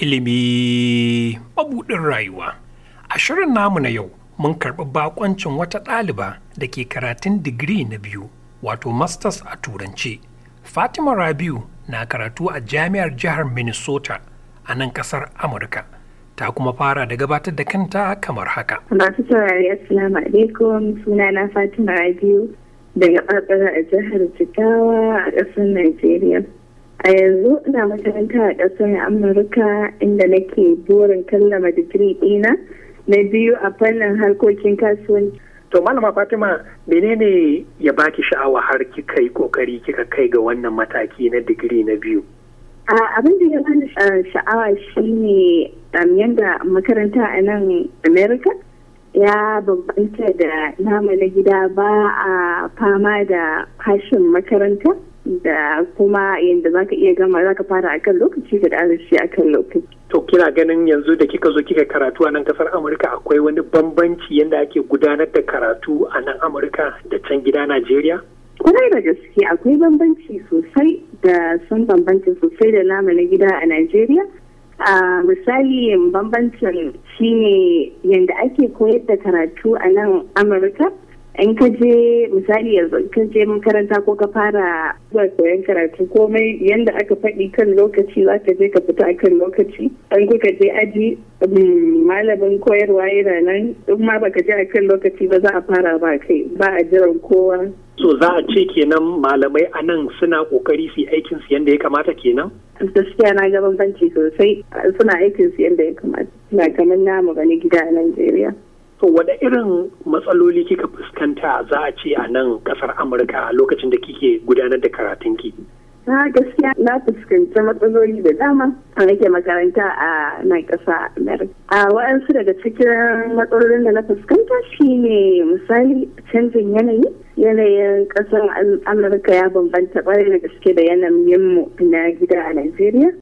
ilimi mabuɗin rayuwa. A shirin namu na yau mun karɓi bakoncin wata ɗaliba da ke karatun digiri na biyu wato masters a turance. Fatima Rabiu na karatu a jami'ar jihar Minnesota a nan ƙasar Amurka. Ta kuma fara da gabatar da kanta kamar haka. Masu saurari Assalamu alaikum sunana Fatima Rabiu daga ɓarɓara a jihar Jigawa a ƙasar Najeriya. a yanzu ina makaranta a ƙasar amurka inda nake burin kallama digiri ɗina na biyu a fannin harkokin kasuwanci to malama fatima menene ya baki sha'awa har kika yi kokari kika kai ga wannan mataki na digiri na biyu abin da ya bani eh, sha'awa shine um, yadda makaranta a nan america ya bambanta da nama na gida ba a fama da fashin makaranta da kuma yadda za ka iya gama za ka fara akan lokaci da a akan lokaci to kina ganin yanzu da kika zo kika karatu a nan kasar amurka akwai wani bambanci yadda ake gudanar da karatu a nan amurka da can gida najeriya kwarai da gaske akwai bambanci sosai da sun bambanci sosai da nama na gida a najeriya a misali bambancin shine yadda ake koyar da karatu a nan amurka in ka je misali yanzu ka je makaranta ko ka fara zuwa koyon karatu komai yanda aka faɗi kan lokaci za ka je ka fita a kan lokaci an kuka je aji mm, malamin koyarwa yana nan in ma baka je a kan lokaci ba za a fara ba kai ba a jiran kowa so za a ce kenan malamai a nan suna kokari su aikin su yadda ya kamata kenan gaskiya na ga bambanci sosai suna aikin su yadda ya kamata na kamar namu ni gida a Najeriya to wada irin matsaloli kika fuskanta za a ce a nan kasar amurka lokacin da kike gudanar da karatunki na gaskiya na fuskanci matsaloli da dama a nake makaranta a nan ƙasa amurka a wa'ansu daga cikin matsalolin da na fuskanta shine misali canjin yanayi yanayin ƙasar amurka ya bambanta ƙwarai da gaske da yanayin mu na gida a najeriya